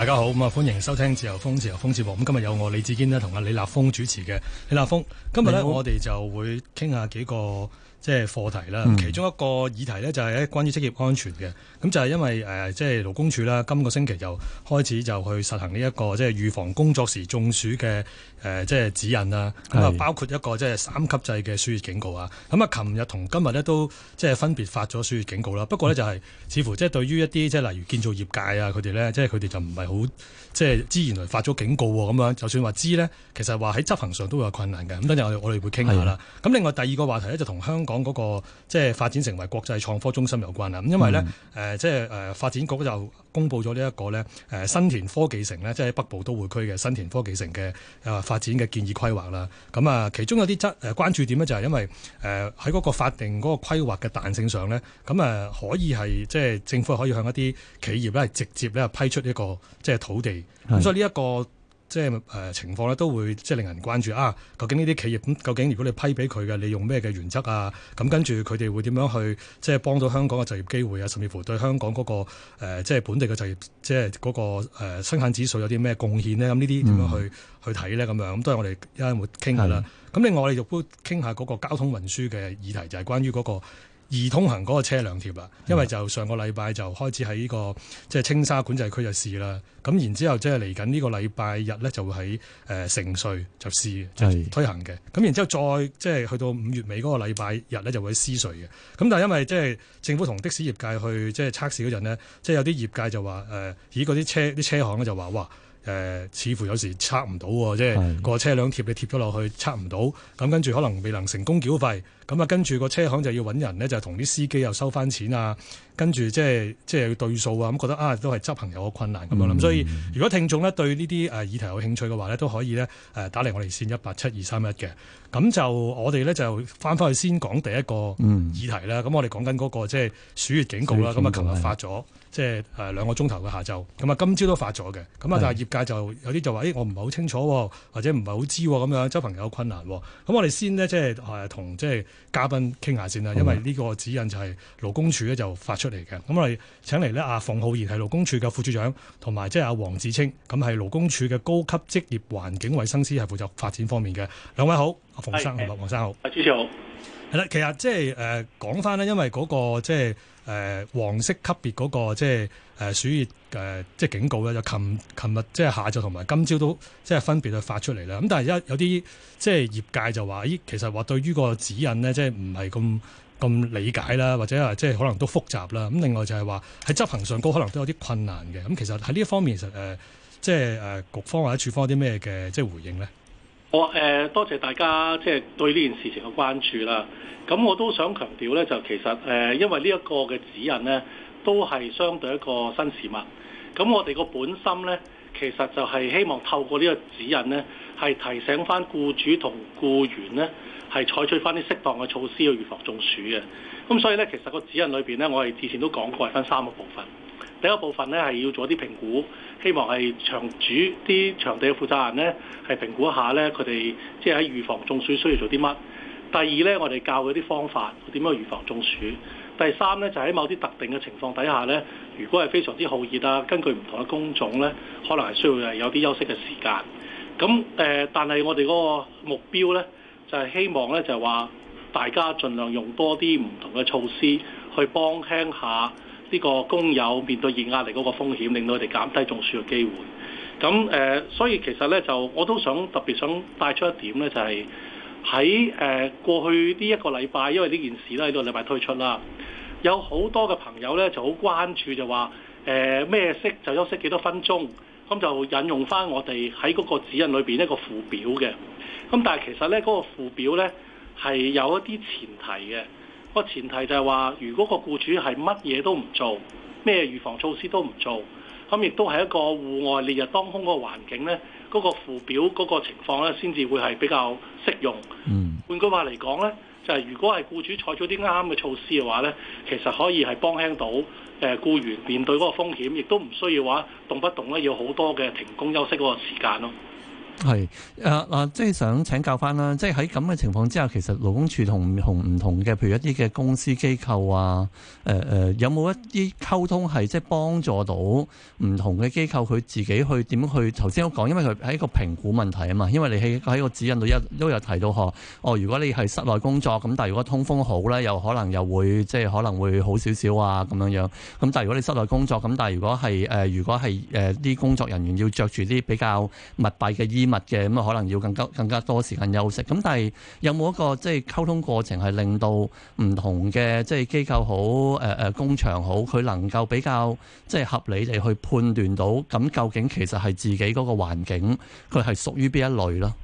大家好，咁啊歡迎收聽自由風自由風節目。咁今日有我李志堅呢同阿李立峰主持嘅。李立峰，今日呢，我哋就會傾下幾個。即係課題啦，其中一個議題呢，就係咧關於職業安全嘅，咁、嗯、就係因為誒即係勞工處啦，今個星期就開始就去實行呢、這、一個即係、就是、預防工作時中暑嘅誒即係指引啦，咁啊、嗯、包括一個即係、就是、三級制嘅暑熱警告啊，咁啊琴日同今日呢，都即係分別發咗暑熱警告啦，不過呢，就係、是、似乎即係對於一啲即係例如建造業界啊佢哋呢，即係佢哋就唔係好即係知原來發咗警告喎咁樣，就算話知呢，其實話喺執行上都會有困難嘅，咁等陣我哋會傾下啦。咁的另外第二個話題呢，就同香港講嗰、那個即係發展成為國際創科中心有關啦，咁因為咧誒、嗯呃、即係誒發展局就公布咗呢一個咧誒、呃、新田科技城咧，即、就、係、是、北部都會區嘅新田科技城嘅發展嘅建議規劃啦。咁啊，其中有啲質誒關注點咧，就係因為誒喺嗰個法定嗰個規劃嘅彈性上咧，咁啊，可以係即係政府可以向一啲企業咧係直接咧批出呢、這個即係土地，咁是的 所以呢、這、一個。即係誒情況咧，都會即係令人關注啊！究竟呢啲企業咁，究竟如果你批俾佢嘅，你用咩嘅原則啊？咁跟住佢哋會點樣去即係幫到香港嘅就業機會啊？甚至乎對香港嗰個、呃、即係本地嘅就業即係嗰個、呃、生產指數有啲咩貢獻咧？咁呢啲點樣去、嗯、去睇咧？咁樣咁都係我哋一陣會傾下啦。咁是的 另外我哋亦都傾下嗰個交通運輸嘅議題，就係、是、關於嗰個。易通行嗰個車輛貼啦，因為就上個禮拜就開始喺呢個即係青沙管制區就試啦，咁然之後即係嚟緊呢個禮拜日呢，就會喺誒城隧就試就推行嘅，咁是的 然之後再即係去到五月尾嗰個禮拜日呢，就會喺獅隧嘅，咁但係因為即係政府同的士業界去即係測試嗰陣咧，即係有啲業界就話誒，咦嗰啲車啲車行咧就話哇。誒、呃、似乎有時測唔到喎，是即係個車輛貼你貼咗落去測唔到，咁跟住可能未能成功繳費，咁啊跟住個車行就要揾人呢就同啲司機又收翻錢啊，跟住即係即係要對數啊，咁覺得啊都係執行有個困難咁樣啦。嗯、所以如果聽眾呢對呢啲誒議題有興趣嘅話呢，都可以呢誒打嚟我哋線一八七二三一嘅。咁就我哋呢就翻返去先講第一個議題啦。咁、嗯、我哋講緊嗰個即係暑熱警告啦。咁啊琴日發咗。即係誒、呃、兩個鐘頭嘅下晝，咁、嗯、啊今朝都發咗嘅，咁、嗯、啊是但係業界就有啲就話，誒、欸、我唔係好清楚、哦，或者唔係好知咁樣，周朋友困難、哦。咁、嗯、我哋先呢，即係誒同即係嘉賓傾下先啦，因為呢個指引就係勞工處咧就發出嚟嘅。咁、嗯、我哋請嚟咧，阿、啊、馮浩然馮浩賢係勞工處嘅副處長，同埋即係阿黃志清，咁係勞工處嘅高級職業環境衞生師，係負責發展方面嘅。兩位好，阿、啊、馮生同埋黃生好，主持好。係啦，其實即係誒講翻呢，因為嗰、那個即係。就是誒、呃、黃色級別嗰、那個即係誒、呃、暑熱誒即係警告咧，就琴琴日即係下晝同埋今朝都即係分別去發出嚟啦。咁但係而家有啲即係業界就話，咦，其實話對於個指引咧，即係唔係咁咁理解啦，或者話即係可能都複雜啦。咁另外就係話喺執行上，高可能都有啲困難嘅。咁其實喺呢一方面，其實誒、呃、即係誒、呃、局方或者處方有啲咩嘅即係回應咧？我誒、呃、多謝大家即係對呢件事情嘅關注啦。咁我都想強調咧，就其實誒、呃，因為呢一個嘅指引咧，都係相對一個新事物。咁我哋個本心咧，其實就係希望透過呢個指引咧，係提醒翻僱主同僱員咧，係採取翻啲適當嘅措施去預防中暑嘅。咁所以咧，其實個指引裏邊咧，我哋之前都講過係分三個部分。第一部分咧，係要做一啲評估。希望係場主啲場地嘅負責人咧，係評估一下咧，佢哋即係喺預防中暑需要做啲乜。第二咧，我哋教佢啲方法點樣預防中暑。第三咧，就喺、是、某啲特定嘅情況底下咧，如果係非常之酷熱啊，根據唔同嘅工種咧，可能係需要有啲休息嘅時間。咁誒、呃，但係我哋嗰個目標咧，就係、是、希望咧，就係、是、話大家盡量用多啲唔同嘅措施去幫輕下。呢個工友面對熱壓力嗰個風險，令到佢哋減低中暑嘅機會。咁誒、呃，所以其實咧就我都想特別想帶出一點咧，就係喺誒過去呢一個禮拜，因為呢件事咧呢個禮拜推出啦，有好多嘅朋友咧就好關注就話誒咩息就休息幾多分鐘，咁就引用翻我哋喺嗰個指引裏邊一個附表嘅。咁但係其實咧嗰、那個附表咧係有一啲前提嘅。個前提就係話，如果個僱主係乜嘢都唔做，咩預防措施都唔做，咁亦都係一個戶外烈日當空嗰個環境呢，嗰、嗰個附表嗰個情況呢，先至會係比較適用。換句話嚟講呢，就係、係、如果係僱主採取啲啱嘅措施嘅話呢，其實可以係幫輕到誒僱員面對嗰個風險，亦都唔需要話動不動咧要好多嘅停工休息嗰個時間咯。係，誒啊、呃、即係想請教翻啦，即係喺咁嘅情況之下，其實勞工處同同唔同嘅，譬如一啲嘅公司機構啊，誒、呃、誒有冇一啲溝通係即係幫助到唔同嘅機構佢自己去點去頭先講，因為佢喺一個評估問題啊嘛，因為你喺喺個指引度一都有提到嗬哦，如果你係室內工作咁，但係如果通風好咧，又可能又會即係可能會好少少啊咁樣樣咁，但係如果你室內工作咁，但係如果係誒、呃、如果係誒啲工作人員要着住啲比較密閉嘅衣。物嘅咁啊，可能要更加更加多時間休息。咁但係有冇一個即係溝通過程，係令到唔同嘅即係機構好誒誒，工場好佢能夠比較即係合理地去判斷到咁究竟其實係自己嗰個環境佢係屬於邊一類咯？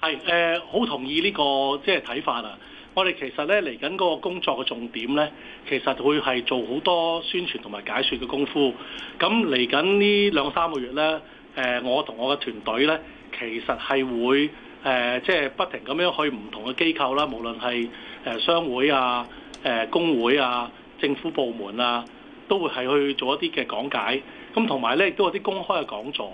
係誒，好同意呢個即係睇法啊。我哋其實咧嚟緊嗰個工作嘅重點咧，其實會係做好多宣傳同埋解說嘅功夫。咁嚟緊呢兩三個月咧，誒，我同我嘅團隊咧。其實係會誒，即、呃、係、就係、不停咁樣去唔同嘅機構啦，無論係誒商會啊、誒、呃、工會啊、政府部門啊，都會係去做一啲嘅講解。咁同埋咧，亦都有啲公開嘅講座。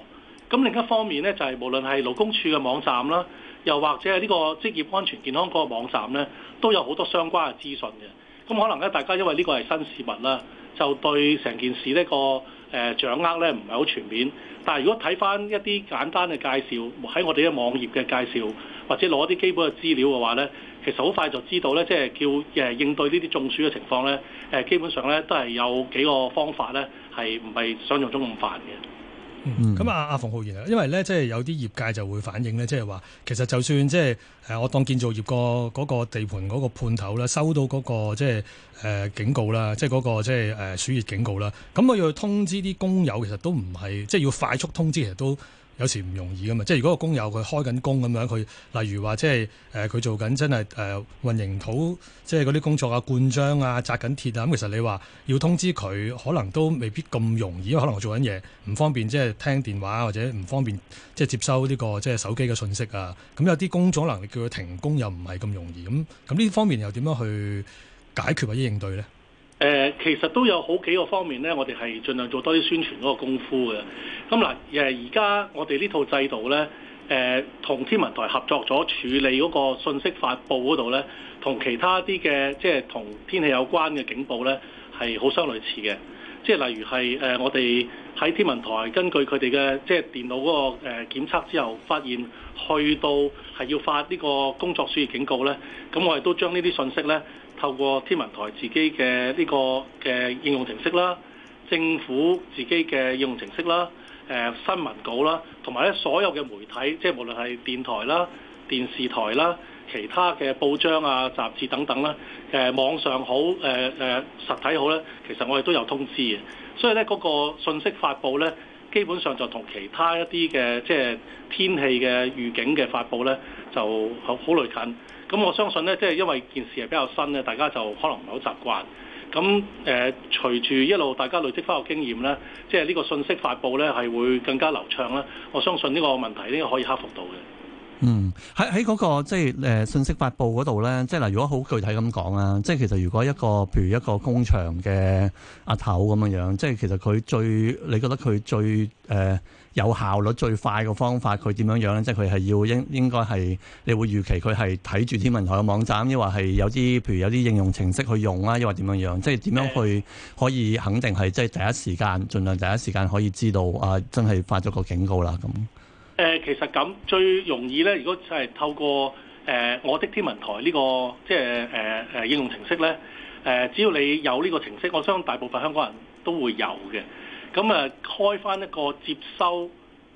咁另一方面咧，就係、係、無論係勞工處嘅網站啦，又或者係呢個職業安全健康嗰個網站咧，都有好多相關嘅資訊嘅。咁可能咧，大家因為呢個係新事物啦，就對成件事呢個。誒掌握咧唔係好全面，但係如果睇翻一啲簡單嘅介紹，喺我哋嘅網頁嘅介紹，或者攞啲基本嘅資料嘅話咧，其實好快就知道咧，即係叫誒應對呢啲中暑嘅情況咧，誒基本上咧都係有幾個方法咧，係唔係想像中咁煩嘅。咁、嗯嗯、啊，阿馮浩賢，因為咧，即係有啲業界就會反映咧，即係話其實就算即係誒，我當建造業個嗰個地盤嗰個判頭啦，收到嗰、那個即係誒、呃、警告啦，即係嗰、那個即係誒、呃、暑熱警告啦，咁我要去通知啲工友，其實都唔係即係要快速通知，其實都。有時唔容易㗎嘛，即係如果個工友佢開緊工咁樣，佢例如話即係誒佢做緊真係誒、呃、運營土，即係嗰啲工作啊、灌漿啊、紮緊鐵啊咁，其實你話要通知佢，可能都未必咁容易，可能我做緊嘢唔方便，即係聽電話或者唔方便即係接收呢個即係手機嘅訊息啊。咁有啲工作能力叫佢停工又唔係咁容易咁，咁呢方面又點樣去解決或者應對呢？誒，其實都有好幾個方面咧，我哋係盡量做多啲宣傳嗰個功夫嘅。咁嗱，誒而家我哋呢套制度咧，誒同天文台合作咗處理嗰個信息發布嗰度咧，同其他啲嘅即係同天氣有關嘅警報咧，係好相類似嘅。即係例如係誒，我哋喺天文台根據佢哋嘅即係電腦嗰個誒檢測之後，發現去到係要發呢個工作暑熱警告咧，咁我哋都將呢啲信息咧，透過天文台自己嘅呢個嘅應用程式啦，政府自己嘅應用程式啦，誒、呃、新聞稿啦，同埋咧所有嘅媒體，即係無論係電台啦、電視台啦、其他嘅報章啊、雜誌等等啦，誒、呃、網上好，誒、呃、誒實體好咧，其實我哋都有通知嘅，所以咧嗰個訊息發布咧，基本上就同其他一啲嘅即係天氣嘅預警嘅發布咧，就好好類近。咁我相信呢，即係因為件事係比較新咧，大家就可能唔係好習慣。咁誒、呃，隨住一路大家累積翻個經驗呢，即係呢個信息發布呢，係會更加流暢啦。我相信呢個問題應該可以克服到嘅。嗯，喺喺、嗰個即係誒信息發布嗰度咧，即係嗱，如果好具體咁講啊，即係其實如果一個，譬如一個工場嘅阿頭咁樣樣，即係其實佢最你覺得佢最誒有效率最快嘅方法，佢點樣樣咧？即係佢係要應應該係，你會預期佢係睇住天文台嘅網站，抑或係有啲譬如有啲應用程式去用啊？抑或點樣樣？即係點樣去可以肯定係即係第一時間，盡量第一時間可以知道啊，真係發咗個警告啦咁。誒，其實咁最容易咧，如果就係透過誒、呃、我的天文台呢、這個即係誒誒應用程式咧，誒、呃，只要你有呢個程式，我相信大部分香港人都會有嘅。咁、嗯、啊，開翻一個接收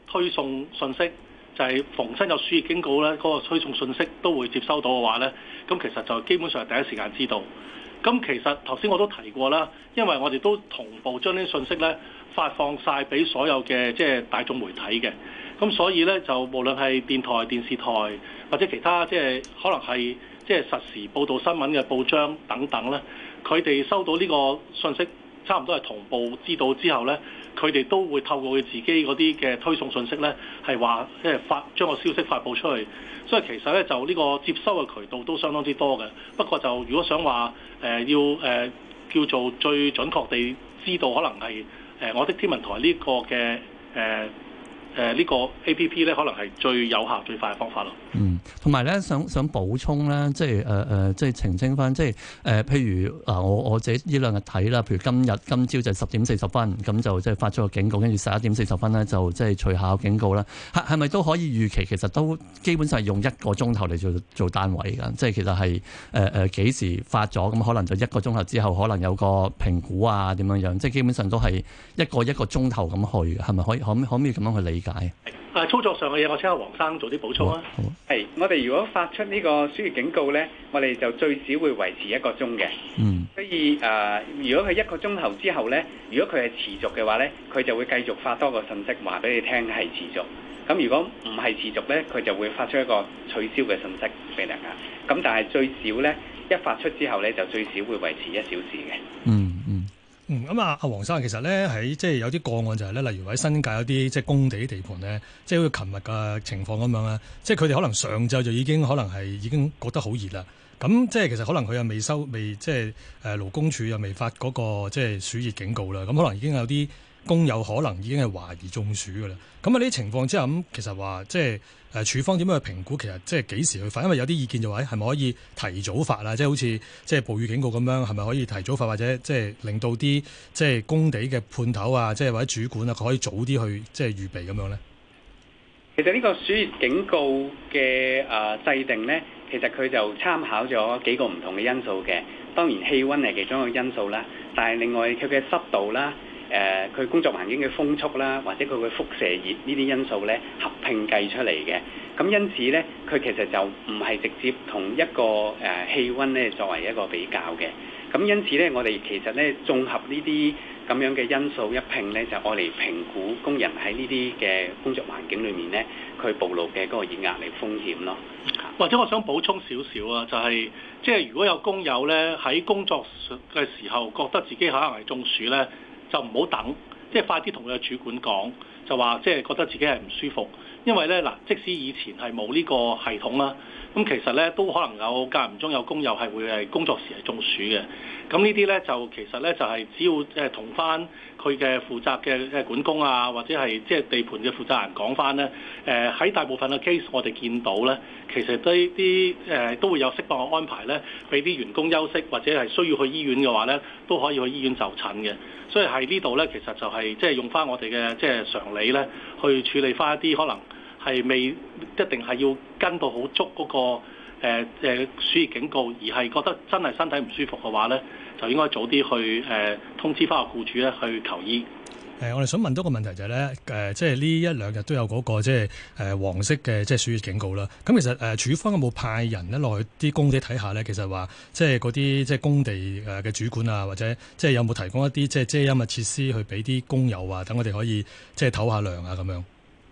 推送信息，就係、是、逢親有暑熱警告咧，嗰、那個推送信息都會接收到嘅話咧，咁、嗯、其實就基本上係第一時間知道。咁、嗯、其實頭先我都提過啦，因為我哋都同步將啲信息咧發放晒俾所有嘅即係大眾媒體嘅。咁所以咧，就無論係電台、電視台，或者其他即係、就是、可能係即係實時報導新聞嘅報章等等咧，佢哋收到呢個信息，差唔多係同步知道之後咧，佢哋都會透過佢自己嗰啲嘅推送信息咧，係話即係發將個消息發布出去。所以其實咧，就呢個接收嘅渠道都相當之多嘅。不過就如果想話誒、呃、要誒、呃、叫做最準確地知道，可能係誒我的天文台呢個嘅誒。呃誒、呃這個、呢個 A P P 咧，可能係最有效最快嘅方法咯。嗯，同埋咧，想想補充咧，即係誒誒，即係澄清返，即係誒，譬如啊，我、呃、我自己呢兩日睇啦，譬如今日今朝就十點四十分，咁就即係發咗個警告，跟住十一點四十分咧，就即係除下個警告啦。係咪都可以預期？其實都基本上係用一個鐘頭嚟做做，做單位㗎。即係其實係誒誒幾時發咗，咁可能就一個鐘頭之後，可能有個評估啊點樣樣。即係基本上都係一個一個鐘頭咁去，係咪可以可可唔可以咁樣去理？解啊！操作上嘅嘢，我請阿黃生做啲補充啊。係我哋如果發出呢個暑熱警告咧，我哋就最少會維持一個鐘嘅。嗯。所以誒，如果佢一個鐘頭之後咧，如果佢係持續嘅話咧，佢就會繼續發多個信息，話俾你聽係持續。咁如果唔係持續咧，佢就會發出一個取消嘅信息俾你噶。咁但係最少咧，一發出之後咧，就最少會維持一小時嘅。嗯。嗯，咁啊，阿黃生，其實咧，喺即係有啲個案就係咧，例如喺新界有啲即係工地地盤咧，即係好似琴日嘅情況咁樣啦。即係佢哋可能上晝就已經可能係已經覺得好熱啦，咁即係其實可能佢又未收未即係誒勞工處又未發嗰個即係暑熱警告啦，咁可能已經有啲工友可能已經係懷疑中暑嘅啦，咁啊呢啲情況之下，咁，其實話即係。誒、啊、處方點樣去評估其實即係幾時去發？因為有啲意見就話誒，係咪可以提早發啊？即係好似即係暴雨警告咁樣，係咪可以提早發或者即係令到啲即係工地嘅判頭啊，即係或者主管啊，可以早啲去即係預備咁樣咧、呃？其實呢個暑熱警告嘅誒制定咧，其實佢就參考咗幾個唔同嘅因素嘅。當然氣温係其中一個因素啦，但係另外佢嘅濕度啦。誒佢、呃、工作環境嘅風速啦，或者佢嘅輻射熱呢啲因素咧，合併計出嚟嘅。咁因此咧，佢其實就唔係直接同一個誒氣、呃、温咧作為一個比較嘅。咁因此咧，我哋其實咧綜合呢啲咁樣嘅因素一併咧，就愛嚟評估工人喺呢啲嘅工作環境裡面咧，佢暴露嘅嗰個熱壓力風險咯。或者我想補充少少啊、就是，就係、是、即係如果有工友咧喺工作嘅時候覺得自己可能係中暑咧。就唔好等，即係快啲同佢嘅主管講，就話：“即係覺得自己係唔舒服。因為咧嗱，即使以前係冇呢個系統啦，咁其實咧都可能有間唔中有工友係會係工作時係中暑嘅。咁呢啲咧就其實咧就係只要即係同翻佢嘅負責嘅即係管工啊，或者係即係地盤嘅負責人講翻咧，誒喺大部分嘅 case 我哋見到咧，其實都啲誒都會有適當嘅安排咧，俾啲員工休息或者係需要去醫院嘅話咧，都可以去醫院就診嘅。所以喺呢度咧，其實就係即係用翻我哋嘅即係常理咧。去處理翻一啲可能係未一定係要跟到好足嗰、那個誒誒、呃呃、暑熱警告，而係覺得真係身體唔舒服嘅話咧，就應該早啲去誒、呃、通知翻個雇主咧去求醫。誒、呃，我哋想問多個問題就係、是、咧，誒、呃，即係呢一兩日都有嗰、那個即係誒黃色嘅即係暑熱警告啦。咁其實誒，處方有冇派人咧落去啲工地睇下咧？其實話即係嗰啲即係工地誒嘅主管啊，或者即係有冇提供一啲即係遮陰嘅設施去俾啲工友啊，等我哋可以即係唞下涼啊咁樣。誒、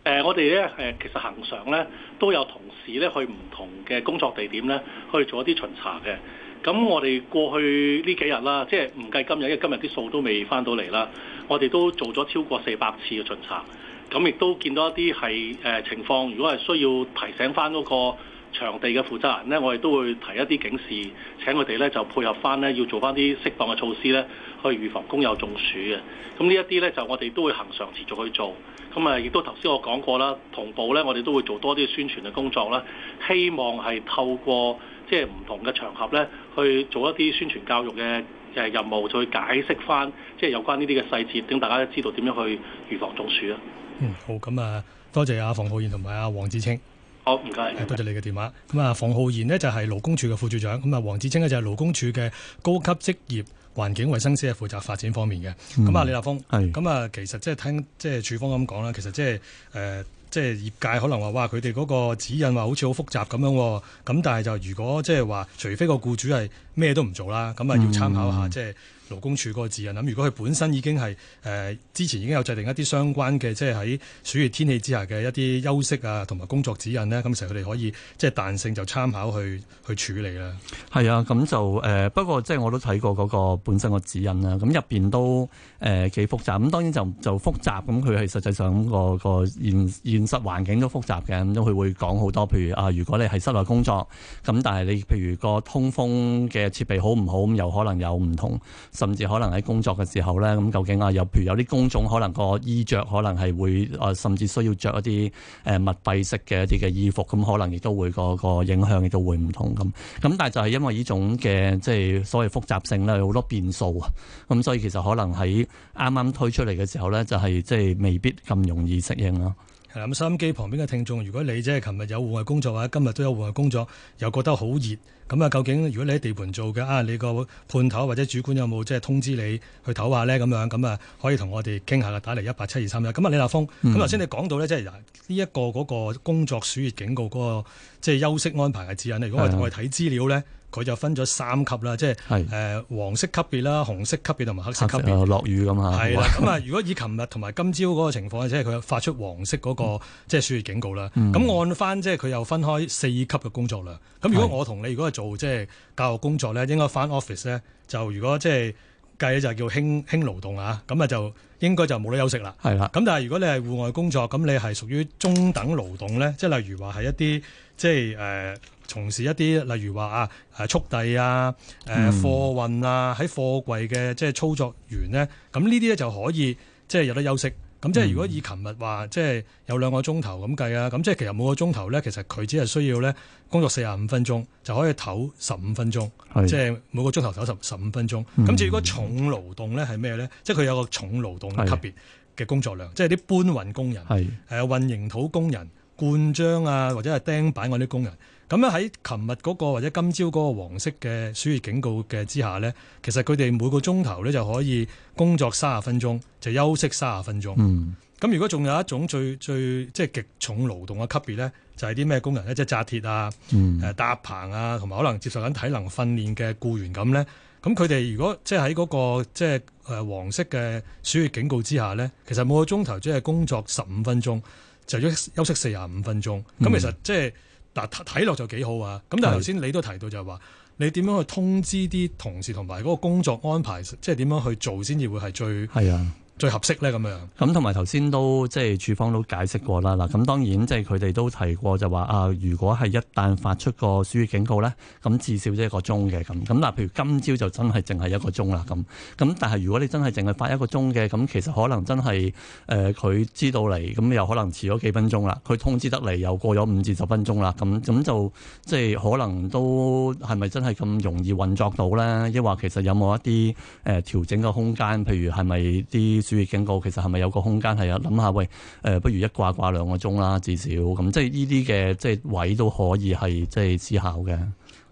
呃，我哋咧誒，其實恆常咧都有同事咧去唔同嘅工作地點咧去做一啲巡查嘅。咁我哋過去呢幾日啦，即係唔計今日，因為今日啲數都未返到嚟啦。我哋都做咗超過四百次嘅巡查，咁亦都見到一啲係誒情況。如果係需要提醒翻嗰個場地嘅負責人咧，我哋都會提一啲警示，請佢哋咧就配合翻咧要做翻啲適當嘅措施咧，去預防工友中暑嘅。咁呢一啲咧就我哋都會恒常持續去做。咁誒，亦都頭先我講過啦，同步咧我哋都會做多啲宣傳嘅工作啦，希望係透過即係唔同嘅場合咧去做一啲宣傳教育嘅。誒任務再解釋返，即係有關呢啲嘅細節，等大家知道點樣去預防中暑啊！嗯，好，咁啊，多謝阿馮浩賢同埋阿黃志清。好唔該，多謝你嘅電話。咁啊，馮浩賢呢就係勞工處嘅副處長，咁啊，黃志清呢就係勞工處嘅高級職業環境衞生師，負責發展方面嘅。咁啊，李立峰。係咁啊，其實即係聽即係處方咁講啦，其實即係誒，即係業界可能話哇，佢哋嗰個指引話好似好複雜咁樣，咁但係就如果即係話，除非個僱主係。咩都唔做啦，咁啊要參考下即係勞工處嗰個指引。咁如果佢本身已經係誒、呃、之前已經有制定一啲相關嘅即係喺暑熱天氣之下嘅一啲休息啊同埋工作指引咧，咁成日佢哋可以即係彈性就參考去去處理啦。係啊，咁就誒、呃、不過即係我都睇過嗰個本身個指引啦。咁入邊都誒幾、呃、複雜，咁當然就就複雜，咁佢係實際上、嗰個、嗰個現現實環境都複雜嘅。咁都佢會講好多。譬如啊，如果你係室內工作，咁但係你譬如個通風嘅設備好唔好咁，又可能有唔同，甚至可能喺工作嘅時候咧，咁究竟啊，有譬如有啲工種可能個衣着可能係會誒，甚至需要着一啲誒密閉式嘅一啲嘅衣服，咁可能亦都會個個影響亦都會唔同咁。咁但係就係因為呢種嘅即係所謂複雜性咧，有好多變數啊，咁所以其實可能喺啱啱推出嚟嘅時候咧，就係即係未必咁容易適應咯。係啦，咁收音機旁邊嘅聽眾，如果你即係琴日有戶外工作或者今日都有戶外工作，又覺得好熱，咁啊究竟如果你喺地盤做嘅啊，你個判頭或者主管有冇即係通知你去唞下咧？咁樣咁啊，可以同我哋傾下嘅，打嚟一八七二三一。咁啊，李立峰，咁頭先你講到咧，即係嗱呢一個嗰個工作暑熱警告嗰、嗰個即係、即係、休息安排嘅指引咧，如果我哋睇資料咧。嗯佢就分咗三級啦，即係誒是、呃、黃色級別啦、紅色級別同埋黑色級別。落雨咁嚇。係啦的，咁啊，如果以琴日同埋今朝嗰個情況，嗯、即係佢發出黃色嗰個即係暑熱警告啦。咁、嗯、按翻即係佢又分開四級嘅工作量。咁、嗯、如果我同你如果係做即係教育工作咧，應該翻 office 咧，就如果即係計咧就叫輕輕勞動啊。咁啊就應該就冇得休息啦。係啦的。咁但係如果你係戶外工作，咁你係屬於中等勞動咧，即係例如話係一啲即係誒。呃從事一啲，例如話啊，誒速遞啊，誒、啊、貨運啊，喺貨櫃嘅即係操作員咧，咁呢啲咧就可以即係有得休息。咁即係如果以琴日話，即係有兩個鐘頭咁計啦。咁即係其實每個鐘頭咧，其實佢只係需要咧工作四十五分鐘就可以唞十五分鐘，是即係每個鐘頭唞十十五分鐘。咁至於嗰重勞動咧係咩咧？即係佢有個重勞動嘅級別嘅工作量，是即係啲搬運工人，誒是運營土工人、灌漿啊或者係釘板嗰啲工人。咁咧喺琴日嗰個或者今朝嗰個黃色嘅暑熱警告嘅之下咧，其實佢哋每個鐘頭咧就可以工作卅分鐘，就休息卅分鐘。咁、嗯、如果仲有一種最最即係極重勞動嘅級別咧，就係啲咩工人咧，即係紮鐵啊、搭、嗯、棚啊，同埋可能接受緊體能訓練嘅雇員咁咧。咁佢哋如果即係喺嗰個即係誒黃色嘅暑熱警告之下咧，其實每個鐘頭只係工作十五分鐘，就休息四十五分鐘。咁、嗯、其實即係。嗱，睇落就幾好啊！咁但係頭先你都提到就係話，是的 你點樣去通知啲同事同埋嗰個工作安排，即係點樣去做先至會係最係啊？最合適咧咁樣。咁同埋頭先都即係處方都解釋過啦。嗱，咁當然即係佢哋都提過就話啊，如果係一旦發出個暑熱警告咧，咁至少即一個鐘嘅咁。咁嗱，但譬如今朝就真係淨係一個鐘啦咁。咁但係如果你真係淨係發一個鐘嘅，咁其實可能真係誒佢知道嚟，咁又可能遲咗幾分鐘啦。佢通知得嚟又過咗五至十分鐘啦。咁咁就即係可能都係咪真係咁容易運作到咧？抑或其實有冇一啲誒、呃、調整嘅空間？譬如係咪啲？暑熱警告其實係咪有個空間係啊？諗下，喂，誒、呃，不如一掛掛兩個鐘啦，至少咁，即係呢啲嘅，即係位都可以係即係思考嘅。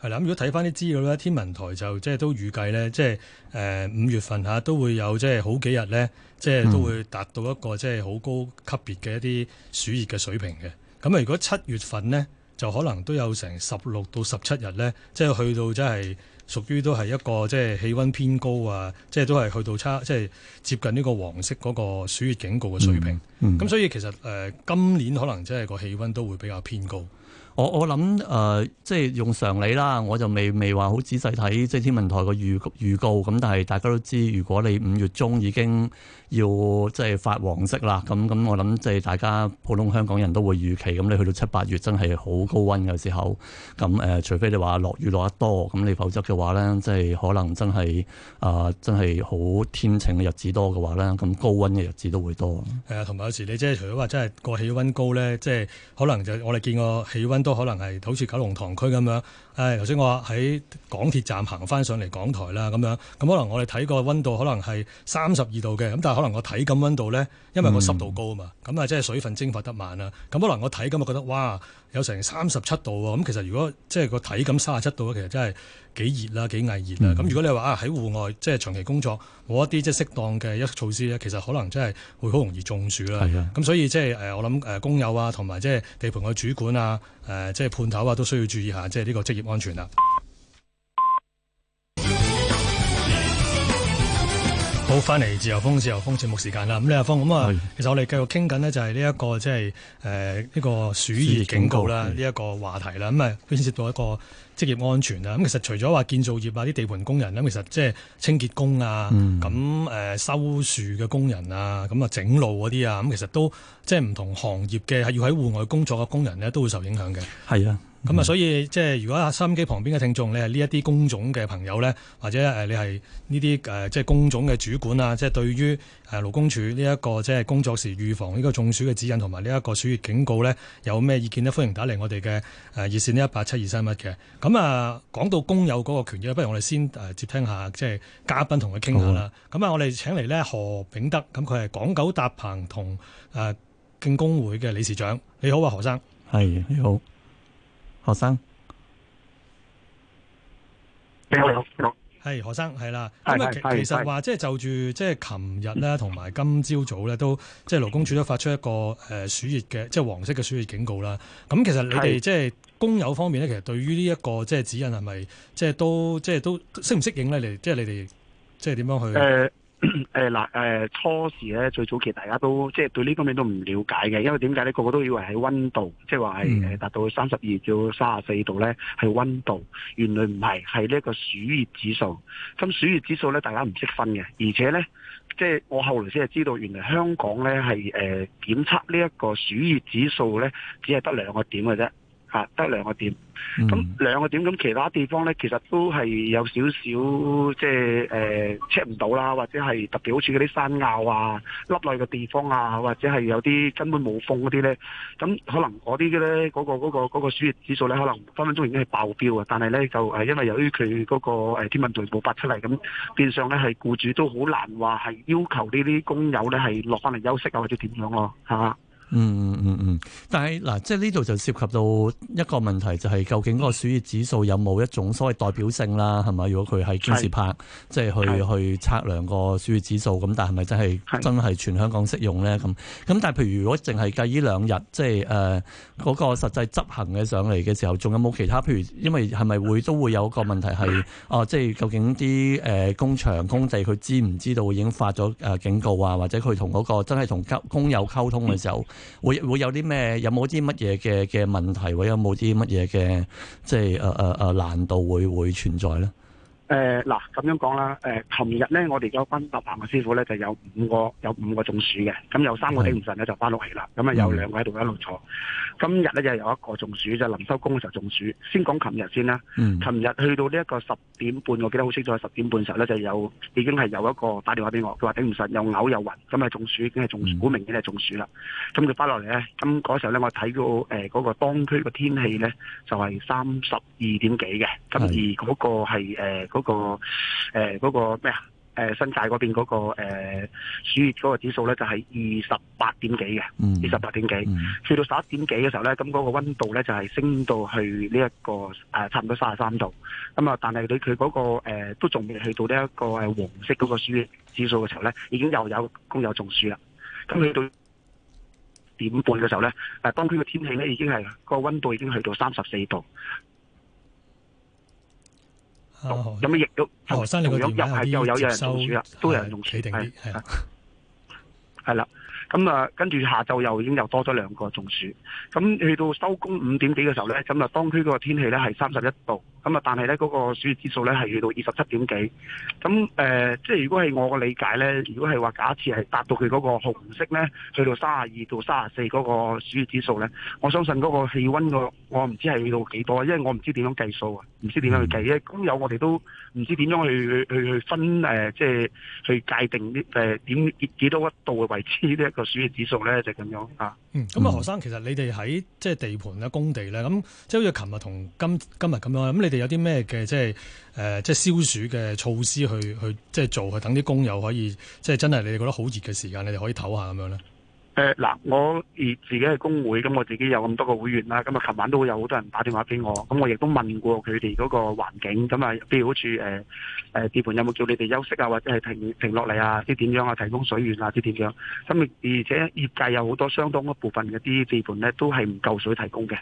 係啦，咁如果睇翻啲資料咧，天文台就即係都預計咧，即係誒五月份嚇、啊、都會有即係好幾日咧，即係都會達到一個、嗯、即係好高級別嘅一啲暑熱嘅水平嘅。咁啊，如果七月份呢，就可能都有成十六到十七日咧，即係去到即係。屬於都係一個即係氣温偏高啊，即係都係去到差，即係接近呢個黃色嗰個暑熱警告嘅水平。咁、嗯嗯、所以其實誒、呃、今年可能真係個氣温都會比較偏高。我我諗誒即係用常理啦，我就未未話好仔細睇即係天文台個預預告咁，但係大家都知，如果你五月中已經要即係發黃色啦，咁咁我諗即係大家普通香港人都會預期，咁你去到七八月真係好高溫嘅時候，咁誒、呃、除非你話落雨落得多，咁你否則嘅話咧，即係可能真係啊、呃、真係好天晴嘅日子多嘅話咧，咁高溫嘅日子都會多。係啊，同埋有時你即係除咗話真係個氣溫高咧，即係可能就我哋見過氣溫。都可能係好似九龍塘區咁樣。誒頭先我話喺港鐵站行翻上嚟港台啦，咁樣咁可能我哋睇個溫度可能係三十二度嘅，咁但係可能我體感溫度咧，因為個濕度高啊嘛，咁啊即係水分蒸發得慢啦、啊。咁可能我體感就覺得哇，有成三十七度喎、啊。咁其實如果即係個體感三十七度其實真係幾熱啦、啊，幾危熱啦、啊。咁、嗯、如果你話啊喺戶外即係長期工作，冇一啲即係適當嘅一措施咧，其實可能真係會好容易中暑啦、啊。咁的所以即係誒我諗誒工友啊，同埋即係地盤嘅主管啊，誒、呃、即係判頭啊，都需要注意下即係呢個職業。安全啦！好，翻嚟自由風，自由風節目時間啦。咁、嗯、李阿峰，咁、嗯、啊，其實我哋繼續傾緊呢，就係呢一個即係誒呢個暑熱警告啦，呢一個話題啦。咁啊，牽涉到一個職業安全啦。咁其實除咗話建造業啊，啲地盤工人呢，其實即係清潔工啊，咁誒修樹嘅工人啊，咁啊整路嗰啲啊，咁其實都即係唔同行業嘅係要喺戶外工作嘅工人呢，都會受影響嘅。係啊。咁啊，所以即係如果收音機旁邊嘅聽眾，你係呢一啲工種嘅朋友咧，或者誒你係呢啲誒即係工種嘅主管啊，即係對於誒勞工處呢一個即係工作時預防呢個中暑嘅指引同埋呢一個暑熱警告咧，有咩意見咧？歡迎打嚟我哋嘅誒熱線一八七二三一嘅。咁啊，講到工友嗰個權益，不如我哋先誒接聽下即係嘉賓同佢傾下啦。咁啊，我哋請嚟咧何炳德，咁佢係港九搭棚同誒敬工會嘅理事長。你好啊，何生。係，你好。何生，你好喂，係何生，係啦。咁啊的，其實話即係就住，即係琴日咧，同埋今朝早咧，都即係勞工處都發出一個誒、呃、暑熱嘅即係黃色嘅暑熱警告啦。咁其實你哋即係工友方面咧，其實對於呢一個即係指引係咪即係都即係都適唔適應咧？你即係你哋即係點樣去？呃誒嗱，誒、 呃呃、初時咧，最早期大家都即係對呢方面都唔了解嘅，因為點解咧個個都以為係溫度，即係話係誒達到三十二至三十四度咧係溫度，原來唔係，係呢一個暑熱指數。咁暑熱指數咧大家唔識分嘅，而且咧即係我後來先係知道，原來香港咧係誒檢測呢一、呃、個暑熱指數咧只係得兩個點嘅啫。啊，得兩個點，咁兩個點，咁其他地方咧，其實都係有少少即係誒 check 唔到啦，或者係特別好似嗰啲山坳啊、凹內嘅地方啊，或者係有啲根本冇風嗰啲咧，咁可能嗰啲咧嗰個嗰、嗰個嗰、嗰個、嗰個、暑熱指數咧，可能分分鐘已經係爆標啊！但係咧就係因為由於佢嗰個天文台冇發出嚟，咁變相咧係僱主都好難話係要求呢啲工友咧係落翻嚟休息啊，或者點樣咯、啊，係嘛？嗯嗯嗯嗯，但係嗱，即係呢度就涉及到一個問題，就係、是、究竟嗰個暑熱指數有冇一種所謂代表性啦，係咪如果佢係京士柏，是即係去是去測量個暑熱指數，咁但係咪真係真係全香港適用咧？咁咁但係，譬如如果淨係計呢兩日，即係誒嗰個實際執行嘅上嚟嘅時候，仲有冇其他？譬如因為係咪會都會有一個問題係哦、呃，即係究竟啲誒、呃、工場工地佢知唔知道已經發咗誒、呃、警告啊？或者佢同嗰個真係同工工友溝通嘅時候？嗯會會有啲咩？有冇啲乜嘢嘅嘅問題？或者有冇啲乜嘢嘅，即係誒誒誒難度會會存在咧？誒，嗱咁、呃、樣講啦，誒，琴日咧我哋有班搭棚嘅師傅咧就有五個有五個中暑嘅，咁、嗯嗯嗯、有三個頂唔順咧就翻屋企啦，咁啊有兩個喺度一路坐，今日咧就有一個中暑，就臨收工嘅時候中暑。先講琴日先啦，琴日去到呢一個十點半，我記得好清楚，十點半時候咧就有已經係有一個打電話俾我，佢話頂唔順，又嘔又暈，咁、嗯、啊、嗯嗯、中暑，已經係仲好明顯係中暑啦。咁佢翻落嚟咧，咁、嗯、嗰、嗯嗯、時候咧我睇到誒嗰個當區嘅天氣咧就係三十二點幾嘅，咁而嗰個係誒。呃呃那個嗰個誒，個咩啊？誒、嗯，新界嗰邊嗰個誒，暑熱嗰個指數咧，就係二十八點幾嘅，二十八點幾。去到十一點幾嘅時候咧，咁嗰個温度咧就係升到去呢、這、一個誒、啊，差唔多卅三度。咁啊，但係你佢嗰個誒、啊，都仲未去到呢一個係黃色嗰個暑熱指數嘅時候咧，已經又有工友中暑啦。咁去到點半嘅時候咧，誒、啊，當天嘅天氣咧已經係、那個温度已經去到三十四度。哦、有啊！亦都又係又有有人中暑啦，都有人中暑，係啦。咁啊，跟住下晝又已經又多咗兩個中暑。咁去到收工五點幾嘅時候咧，咁啊，當區個天氣咧係三十一度。咁啊，但係咧嗰個暑熱指數咧係去到二十七點幾，咁誒、呃，即係如果係我嘅理解咧，如果係話假設係達到佢嗰個紅色咧，去到三十二到三十四嗰個暑熱指數咧，我相信嗰個氣温我唔知係去到幾多，因為我唔知點樣計數啊，唔知點樣去計，因為工友我哋都唔知點樣去去去分誒、呃，即係去界定呢誒、呃、點幾幾多一度嘅維持呢一個暑熱指數咧，就咁、是、樣啊。咁啊、嗯，嗯、何生，其實你哋喺即係地盤啊工地咧，咁即係好似琴日同今今日咁樣，咁你哋。有啲咩嘅即係誒，即係、呃、消暑嘅措施去去即係做，去等啲工友可以即係真係你哋覺得好熱嘅時間，你哋可以唞下咁樣咧。誒嗱、呃，我而自己係工會，咁、嗯、我自己有咁多個會員啦，咁、嗯、啊，琴晚都有好多人打電話俾我，咁、嗯、我亦都問過佢哋嗰個環境，咁、嗯、啊，譬如好似誒誒地盤有冇叫你哋休息啊，或者係停停落嚟啊，啲點樣啊，提供水源啊，啲點樣？咁、嗯、而且業界有好多相當一部分嘅啲地盤咧，都係唔夠水提供嘅。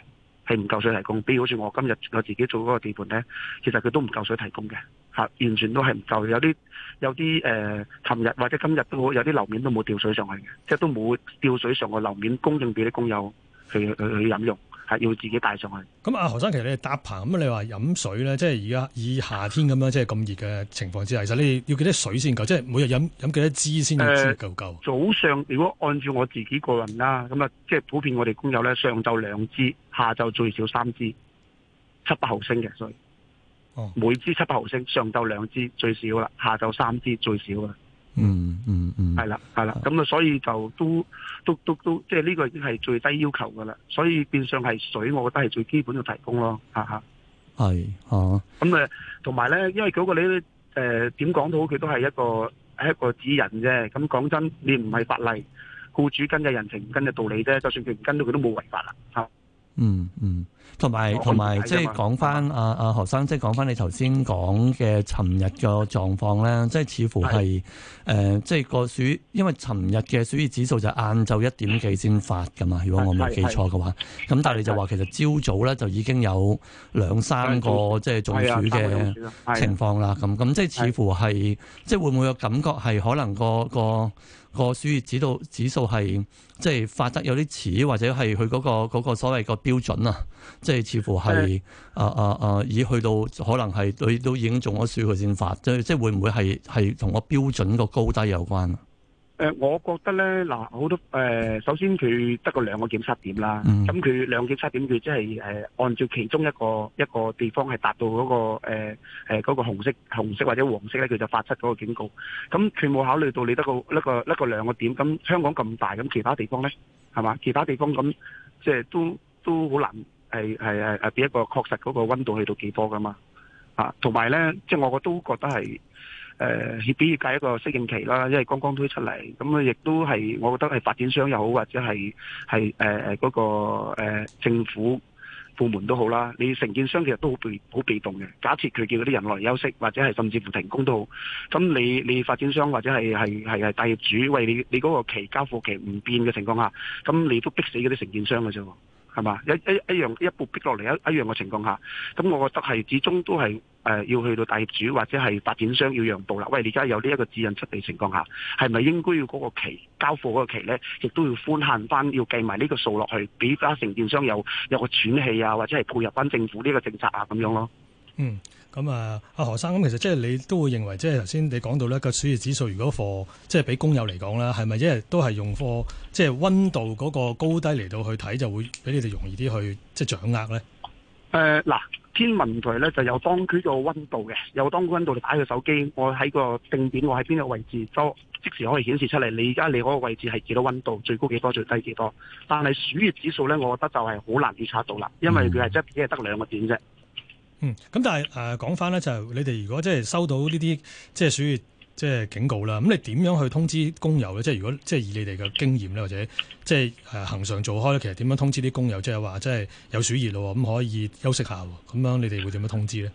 係唔夠水提供，比如好似我今日我自己做嗰個地盤咧，其實佢都唔夠水提供嘅，吓完全都係唔夠，有啲有啲誒，琴日或者今日都冇，有啲樓面都冇吊水上去嘅，即係都冇吊水上個樓面供應俾啲工友去去去飲用。係要自己帶上去。咁啊、嗯，何生，其實你搭棚咁，你話飲水咧，即係而家以夏天咁樣，即係咁熱嘅情況之下，其實你要幾多水先夠？即係每日飲飲幾多支先至夠夠？早上如果按照我自己個人啦，咁啊，即係普遍我哋工友咧，上晝兩支，下晝最少三支，七百毫升嘅，水。哦，每支七百毫升，上晝兩支最少啦，下晝三支最少啦。嗯嗯嗯，係啦係啦，咁、嗯、啊所以就都都都都即係呢個已經係最低要求噶啦，所以變相係水，我覺得係最基本嘅提供咯。吓吓係哦，咁啊同埋咧，因為嗰個呢誒點講都好，佢都係一個係一個指引啫，咁、嗯、講真，你唔係法例，僱主跟嘅人情唔跟嘅道理啫，就算佢唔跟到，佢都冇違法啦吓。啊嗯嗯，同埋同埋，即係講翻阿阿何生，即係講翻你頭先講嘅尋日嘅狀況咧，即係似乎係誒的、呃，即係個暑，因為尋日嘅暑熱指數就晏晝一點幾先發噶嘛，如果我冇記錯嘅話，咁但係你就話其實朝早咧就已經有兩三個的即係中暑嘅情況啦，咁咁、嗯、即係似乎係，即係會唔會有感覺係可能個個？個個個暑熱指導指數係，即係發得有啲遲，或者係佢、嗰個嗰個所謂個標準啊，即係似乎係啊啊啊，已去到可能係佢都已經中咗暑佢先發，即即係會唔會係係同個標準個高低有關啊？誒，我覺得咧，嗱、啊，好多誒、呃，首先佢得個兩個檢測點啦，咁佢兩檢測點，佢即係誒，按照其中一個一個地方係達到嗰個誒誒、呃嗰個紅色紅色或者黃色咧，佢就發出嗰個警告。咁佢冇考慮到你得個一個一個兩個點，咁香港咁大，咁其他地方咧，係嘛？其他地方咁即係都都好難係係係誒，俾一個確實嗰個溫度去到幾多噶嘛？啊，同埋咧，即係我都覺得係。誒、呃，畀業界一個適應期啦，因為剛剛推出嚟，咁啊，亦都係，我覺得係發展商又好，或者係係誒誒嗰個、呃、政府部門都好啦。你承建商其實都好被好被動嘅。假設佢叫嗰啲人來休息，或者係甚至乎停工都好，咁你你發展商或者係係係係大業主，喂你你嗰個期交貨期唔變嘅情況下，咁你都逼死嗰啲承建商嘅啫。係嘛？一一一樣一步逼落嚟一一樣嘅情況下，咁我覺得係始終都係誒、呃、要去到大業主或者係發展商要讓步啦。喂，而家有呢一個指引出嚟情況下，係咪應該要嗰個期交貨嗰個期咧，亦都要寬限翻，要計埋呢個數落去，俾家承建商有有個喘氣啊，或者係配合翻政府呢個政策啊咁樣咯。嗯。咁啊，阿何生咁，其實即係你都會認為，即係頭先你講到咧、呢個暑熱指數，如果貨即係俾工友嚟講啦，係咪即係都係用貨即係温度嗰個高低嚟到去睇，就會俾你哋容易啲去即係掌握咧？誒嗱、呃，天文台咧就有當區個温度嘅，有當區温度，度，你打個手機，我喺個定點，我喺邊個位置多，多即時可以顯示出嚟。你而家你嗰個位置係幾多温度？最高幾多？最低幾多？但係暑熱指數咧，我覺得就係好難預測到啦，因為佢係即係得兩個點啫。嗯，咁但係誒，講翻咧就係你哋如果即係收到呢啲即係暑熱即係警告啦，咁你點樣去通知工友咧？即係如果即係以你哋嘅經驗咧，或者即係誒恒常做開咧，其實點樣通知啲工友？即係話即係有暑熱咯，咁可以休息下，咁樣你哋會點樣通知咧？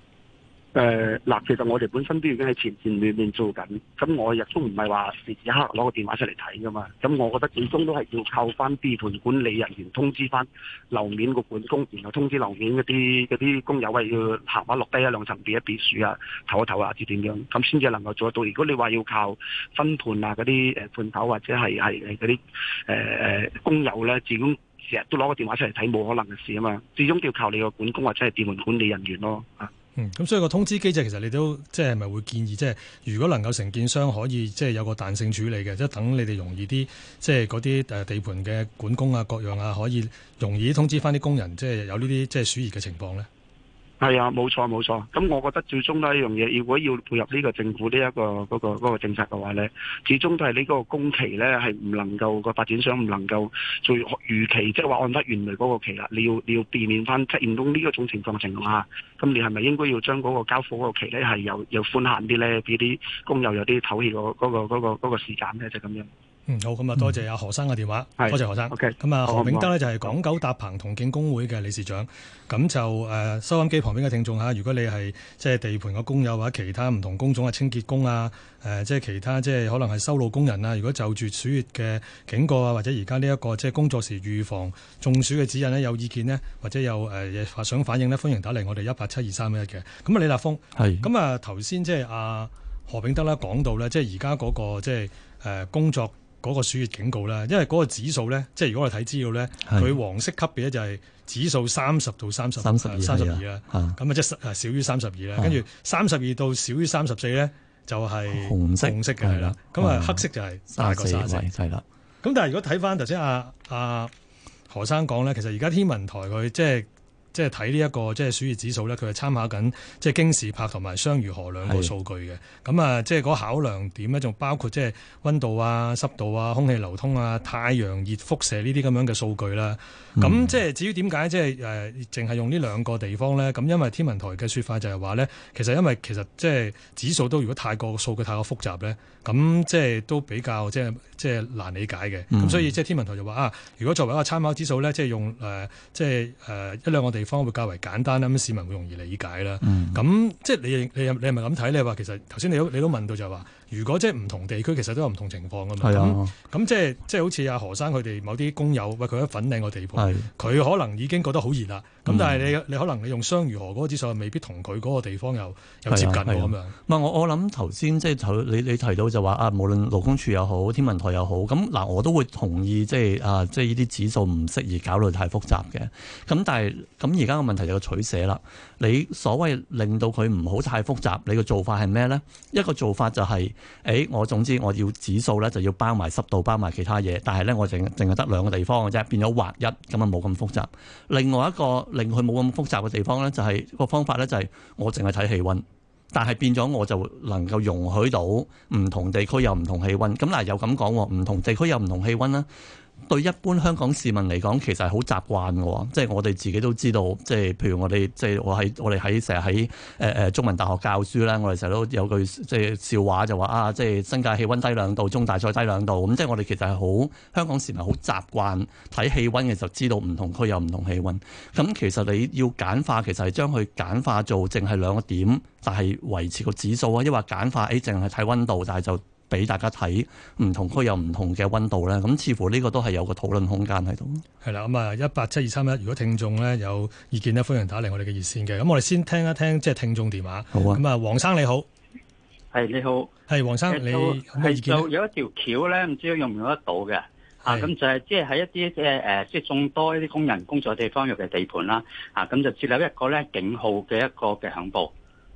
誒，嗱、呃，其實我哋本身都已經喺前線裏面做緊，咁我亦都唔係話時時刻攞個電話出嚟睇噶嘛，咁我覺得始終都係要靠翻地盤管理人員通知翻樓面個管工，然後通知樓面嗰啲啲工友，喂，要行下落低一兩層避一避暑啊，唞一唞啊，至點樣，咁先至能夠做得到。如果你話要靠分判啊嗰啲誒判頭或者係係嗰啲誒誒工友咧，始終成日都攞個電話出嚟睇，冇可能嘅事啊嘛，始終要靠你個管工或者係地盤管理人員咯，嗯，咁所以個通知機制其實你都即係咪會建議，即係如果能夠承建商可以即係有個彈性處理嘅，即係等你哋容易啲，即係嗰啲誒地盤嘅管工啊、各樣啊，可以容易通知翻啲工人，即係有呢啲即係暑熱嘅情況呢？係啊，冇錯冇錯。咁我覺得最終咧，呢樣嘢如果要配合呢個政府呢一個嗰、嗰個嗰個嗰個政策嘅話呢，始終都係呢個工期呢係唔能夠、嗰個發展商唔能夠做預期，即係話按翻原來嗰個期啦。你要你要避免翻出現到呢一種情況嘅情況下，咁你係咪應該要將嗰個交付嗰個期呢係有有寬限啲呢？俾啲工友有啲唞氣嗰嗰個嗰、嗰個嗰、嗰個、時間咧？就咁、是、樣。好，咁啊，多謝阿何生嘅電話，多謝何生，是多謝何生。咁啊，何炳德呢就係港九搭棚同敬工會嘅理事長。咁好就誒收音機旁邊嘅聽眾啊，如果你係即係地盤嘅工友或者其他唔同工種嘅清潔工啊，誒，即係其他即係可能係修路工人啊，如果就住暑熱嘅警告啊，或者而家呢一個即係工作時預防中暑嘅指引呢，有意見呢，或者有誒，想反映呢，歡迎打嚟我哋一八七二三一嘅。咁啊，李立峰係。咁啊是，頭先即係阿何炳德啦，講到呢，即係而家嗰個即係誒工作。嗰個暑熱警告啦，因為嗰個指數咧，即係如果我哋睇資料咧，佢的黃色級別咧就係指數三十到三十，三十二三十二啦。咁啊，即係少於三十二啦。跟住三十二到少於三十四咧，就係紅色嘅係啦。咁啊，黑色就係大過三十四,、哦、三四係啦。咁、哎、但係如果睇翻頭先阿阿何生講咧，其實而家天文台佢即係。即係睇呢一個即係暑熱指數咧，佢係參考緊即係京士柏同埋雙魚河兩個數據嘅。咁啊是的、嗯，即係嗰考量點咧，仲包括即係溫度啊、濕度啊、空氣流通啊、太陽熱輻射呢啲咁樣嘅數據啦。咁即係至於點解即係誒淨係用呢兩個地方咧？咁因為天文台嘅說法就係話咧，其實因為其實即係指數都如果太過數據太過複雜咧，咁即係都比較即係即係難理解嘅。咁、嗯嗯、所以即係天文台就話啊、呃，如果作為一個參考指數咧，即係用誒即係誒一兩個地、呃。呃呃地方會較為簡單啦，咁市民會容易理解啦。咁、嗯、即係你你你係咪咁睇？你話其實頭先你都你都問到就係、是、話。如果即係唔同地區，其實都有唔同情況㗎嘛。係啊的，咁即係即係好似阿何生佢哋某啲工友，喂佢一粉嶺個地盤，佢的可能已經覺得好熱啦。咁的但係你你可能你用雙魚河嗰個指數，未必同佢嗰個地方又有接近咁樣。唔係我我諗頭先即係你你提到就話啊，無論勞工處又好天文台又好，咁嗱我都會同意即係啊即係呢啲指數唔適宜搞到太複雜嘅。咁但係咁而家個問題就取捨啦。你所謂令到佢唔好太複雜，你個做法係咩咧？一個做法就係、是。誒、哎，我總之我要指數咧，就要包埋濕度，包埋其他嘢，但係咧我淨淨係得兩個地方嘅啫，變咗劃一咁啊冇咁複雜。另外一個令佢冇咁複雜嘅地方咧，就係、是、個方法咧就係、是、我淨係睇氣温，但係變咗我就能夠容許到唔同地區有唔同氣温。咁嗱又咁講，唔同地區有唔同氣温啦。對一般香港市民嚟講，其實係好習慣嘅喎，即係我哋自己都知道，即係譬如我哋即係我係我哋喺成日喺誒誒中文大學教書咧，我哋成日都有句即係笑話就話啊，即係新界氣温低兩度，中大再低兩度，咁即係我哋其實係好香港市民好習慣睇氣温嘅時候，知道唔同區有唔同氣温。咁其實你要簡化，其實係將佢簡化做淨係兩個點，但係維持個指數啊，抑或簡化誒淨係睇温度，但係就。俾大家睇，唔同區有唔同嘅温度咧，咁似乎呢個都係有個討論空間喺度。係啦，咁啊一八七二三一，如果聽眾咧有意見咧，歡迎打嚟我哋嘅熱線嘅。咁我哋先聽一聽即係聽眾電話。好啊。咁啊，王生你好，你好，係你好，係王生，你有有一條橋咧，唔知用唔用得到嘅啊？咁就係即係喺一啲嘅誒，即係眾多一啲工人工作地方入嘅地盤啦。啊，咁、嗯、就設立一個咧警號嘅一個嘅響報。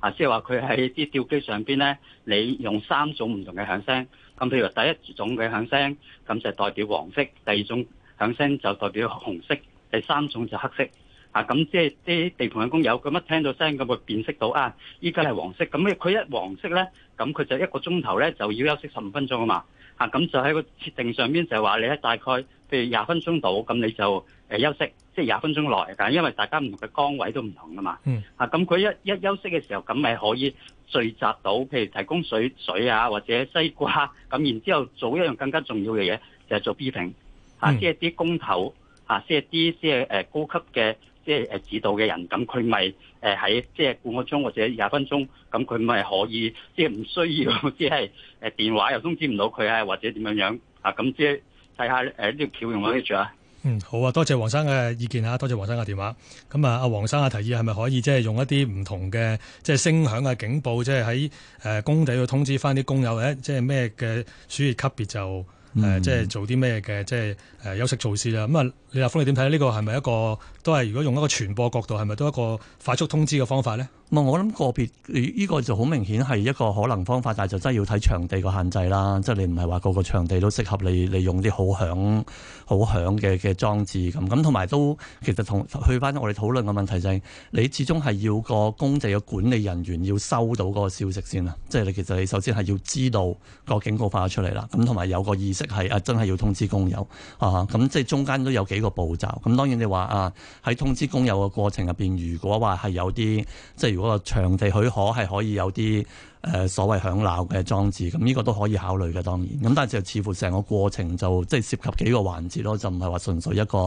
啊，即係話佢喺啲吊機上邊咧，你用三種唔同嘅響聲，咁譬如第一種嘅響聲，咁就代表黃色；第二種響聲就代表紅色；第三種就黑色。啊，咁即係啲地盤嘅工友咁一聽到聲咁，會辨識到啊，依家係黃色。咁佢一黃色咧，咁佢就一個鐘頭咧就要休息十五分鐘啊嘛。啊，咁就喺個設定上邊就係話你喺大概。譬如廿分鐘到，咁你就誒休息，即係廿分鐘內。但係因為大家唔同嘅崗位都唔同啊嘛。嗯。Mm. 啊，咁佢一一休息嘅時候，咁咪可以聚集到，譬如提供水水啊，或者西瓜。咁、啊、然之後做一樣更加重要嘅嘢，就係、是、做 B 平。啊 mm. 即係啲工頭，吓、啊，即係啲即係誒高級嘅即係誒指導嘅人，咁佢咪誒喺即係半個鐘或者廿分鐘，咁佢咪可以即係唔需要，即係誒電話又通知唔到佢啊，或者點樣樣啊？咁即係。睇下誒呢條橋用唔用得住啊？看看呃、嗯，好啊，多謝黃生嘅意見啊，多謝黃生嘅電話。咁、嗯、啊，阿黃生啊，提議係咪可以即係、就是、用一啲唔同嘅即係聲響嘅警報，即係喺誒工地度通知翻啲工友，或者即係咩嘅暑熱級別就誒即係做啲咩嘅即係誒休息措施啦。咁、嗯、啊，李立峰，你點睇呢個係咪一個都係如果用一個傳播角度係咪都一個快速通知嘅方法咧？我諗個別呢、這個就好明顯係一個可能方法，但係就真係要睇場地個限制啦。即係你唔係話個個場地都適合你，你用啲好響好響嘅嘅裝置咁。咁同埋都其實同去翻我哋討論個問題就係、是，你始終係要個工地嘅管理人員要收到嗰個消息先啦。即係你其實你首先係要知道個警告發咗出嚟啦。咁同埋有個意識係啊，真係要通知工友啊。咁、啊嗯、即係中間都有幾個步驟。咁、啊、當然你話啊，喺通知工友嘅過程入邊，如果話係有啲即係。如果個場地許可，係可以有啲。誒、呃、所謂響鬧嘅裝置，咁呢個都可以考慮嘅，當然。咁但係就似乎成個過程就即係涉及幾個環節咯，就唔係話純粹一個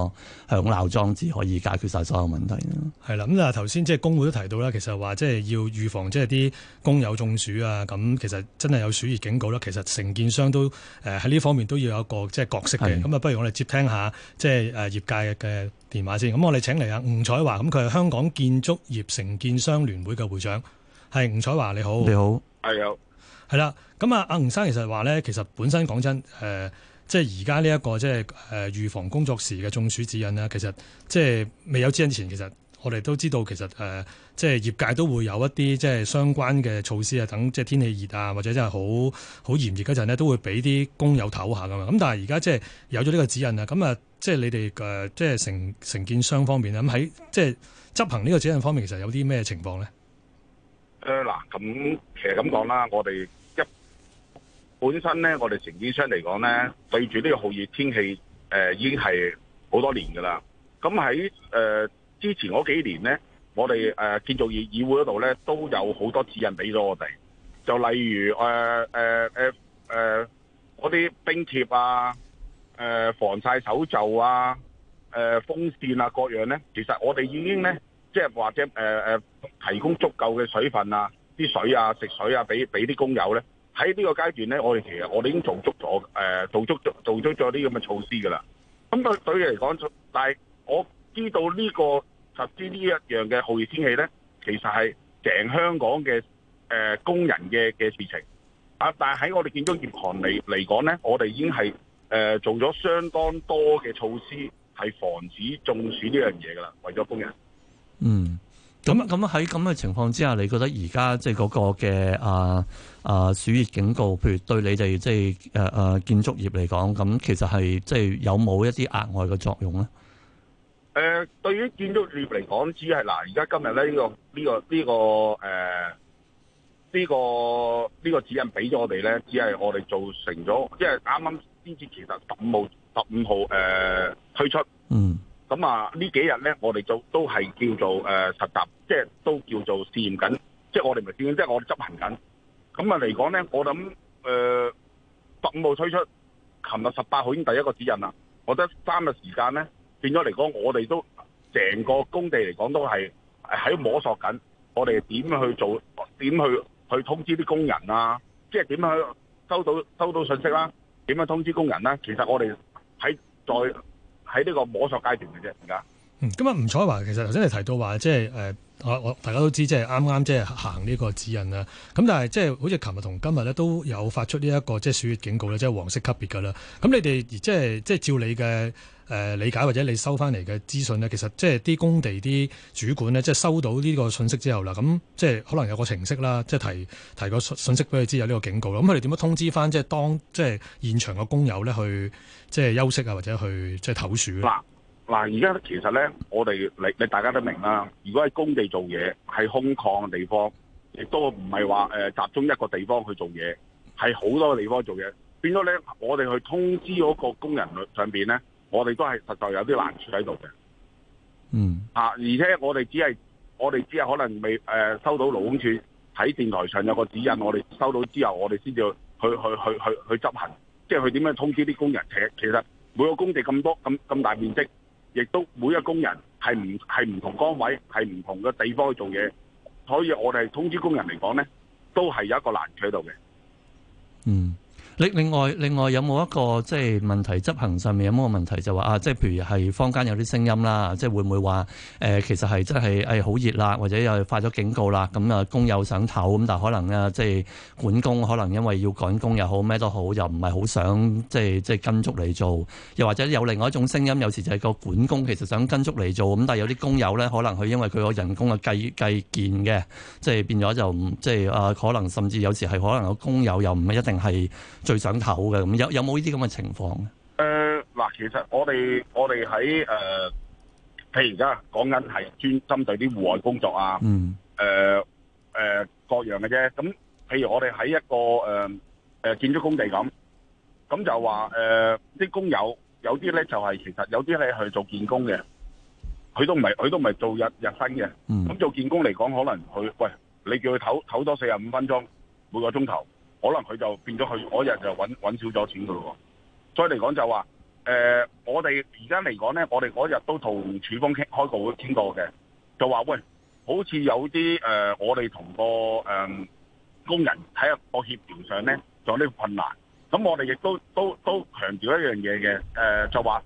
響鬧裝置可以解決晒所有問題咯。係啦，咁嗱頭先即係工會都提到啦，其實話即係要預防即係啲工友中暑啊，咁其實真係有暑熱警告啦。其實承建商都誒喺呢方面都要有一個即係角色嘅。咁啊的，不如我哋接聽下即係誒業界嘅電話先。咁我哋請嚟啊吳彩華，咁佢係香港建築業承建商聯會嘅會長。係吳彩華你好，你好，阿友好。係啦，咁啊，阿吳生其實話咧，其實本身講真，誒、呃，即係而家呢一個即係誒預防工作時嘅中暑指引咧，其實即係未有指引前，其實我哋都知道，其實誒、呃，即係業界都會有一啲即係相關嘅措施啊，等即係天氣熱啊，或者真係好好炎熱嗰陣呢，都會俾啲工友唞下噶嘛。咁但係而家即係有咗呢個指引啊，咁啊，即係你哋誒、呃，即係承承建商方面咧，咁喺即係執行呢個指引方面，其實有啲咩情況咧？誒，嗱、啊，咁其實咁講啦，我哋一本身咧，我哋承建商嚟講咧，對住呢個酷熱天氣，誒、呃，已經係好多年噶啦。咁喺誒之前嗰幾年咧，我哋誒建造業議會嗰度咧，都有好多指引俾咗我哋。就例如誒誒誒誒嗰啲冰貼啊，誒、呃、防晒手袖啊，誒、呃、風扇啊各樣咧，其實我哋已經咧。即係或者誒誒、呃，提供足夠嘅水分啊，啲水啊，食水啊，俾俾啲工友咧。喺呢個階段咧，我哋其實我哋已經做足咗誒、呃，做足咗做足咗啲咁嘅措施噶啦。咁、嗯、啊，對嚟講，但係我知道呢、這個實施呢一樣嘅酷熱天氣咧，其實係成香港嘅誒、呃、工人嘅嘅事情啊。但係喺我哋建築業行嚟嚟講咧，我哋已經係誒、呃、做咗相當多嘅措施，係防止中暑呢樣嘢，噶啦，為咗工人。嗯，咁咁喺咁嘅情況之下，你覺得而家即係嗰個嘅啊啊暑熱警告，譬如對你哋即係誒誒建築業嚟講，咁其實係即係有冇一啲額外嘅作用咧？誒、呃，對於建築業嚟講，只係嗱，而、啊、家今日咧呢、這個呢、這個呢、啊這個誒呢、啊這個呢、這個指引俾咗我哋咧，只係我哋做成咗，即係啱啱先至其實十五號十五號誒、呃、推出，嗯。咁啊，幾呢幾日咧，我哋就都係叫做誒實習，即係都叫做試驗緊，即係我哋咪試緊，即係我哋執行緊。咁啊嚟講咧，我諗誒十五號推出，琴日十八號已經第一個指引啦。我覺得三日時間咧，變咗嚟講，我哋都成個工地嚟講都係喺摸索緊，我哋點去做，點去去通知啲工人啊？即係點去收到收到信息啦、啊？點樣通知工人啦、啊？其實我哋喺在再喺呢個摸索階段嘅啫，而家。嗯，咁啊，吳彩華其實頭先你提到話，即係誒。呃我我大家都知，即係啱啱即係行呢個指引啦。咁但係即係好似琴日同今日咧，都有發出呢一個即係暑熱警告咧，即係黃色級別噶啦。咁你哋即係即係照你嘅誒理解或者你收翻嚟嘅資訊咧，其實即係啲工地啲主管咧，即係收到呢個信息之後啦，咁即係可能有個程式啦，即係提提個訊息俾佢知有呢個警告。咁佢哋點樣通知翻即係當即係現場嘅工友咧去即係休息啊，或者去即係唞暑咧？嗱，而家其實咧，我哋你你大家都明啦。如果喺工地做嘢，係空曠嘅地方，亦都唔係話誒集中一個地方去做嘢，係好多地方做嘢。變咗咧，我哋去通知嗰個工人上邊咧，我哋都係實在有啲難處喺度嘅。嗯。啊！而且我哋只係我哋只係可能未誒、呃、收到勞工處喺電台上有個指引，我哋收到之後，我哋先至去去去去去，去執行，即係去點樣通知啲工人。其實每個工地咁多咁咁大面積。亦都每一個工人係唔係唔同崗位，係唔同嘅地方去做嘢，所以我哋通知工人嚟講咧，都係有一個難處喺度嘅。嗯。另外另外有冇一個即係問題執行上面有冇個問題就話啊，即係譬如係坊間有啲聲音啦，即係會唔會話誒、呃、其實係真係誒好熱啦，或者又發咗警告啦，咁啊工友想唞，咁但係可能咧即係管工可能因為要趕工又好咩都好，又唔係好想即係即係跟足嚟做，又或者有另外一種聲音，有時就係個管工其實想跟足嚟做，咁但係有啲工友咧可能佢因為佢個人工嘅計計件嘅，即係變咗就唔，即係啊可能甚至有時係可能個工友又唔一定係。最想唞嘅。咁有有冇呢啲咁嘅情況咧？誒嗱，其實我哋我哋喺誒譬如而家，講緊係專針對啲戶外工作啊，誒誒各樣嘅啫。咁譬如我哋喺一個誒誒建築工地咁，咁就話誒啲工友有啲咧就係其實有啲咧係去做建工嘅，佢都唔係佢都唔係做日日薪嘅。咁做建工嚟講，可能佢喂，你叫佢唞唞多四十五分鐘每個鐘頭。可能佢就變咗，佢嗰日就揾揾少咗錢噶咯。所以嚟講就話誒、呃，我哋而家嚟講咧，我哋嗰日都同處方傾開個會傾過嘅，就話喂，好似有啲誒、呃，我哋同個誒、呃、工人喺個協調上咧就有啲困難。咁我哋亦都都都強調一樣嘢嘅誒，就話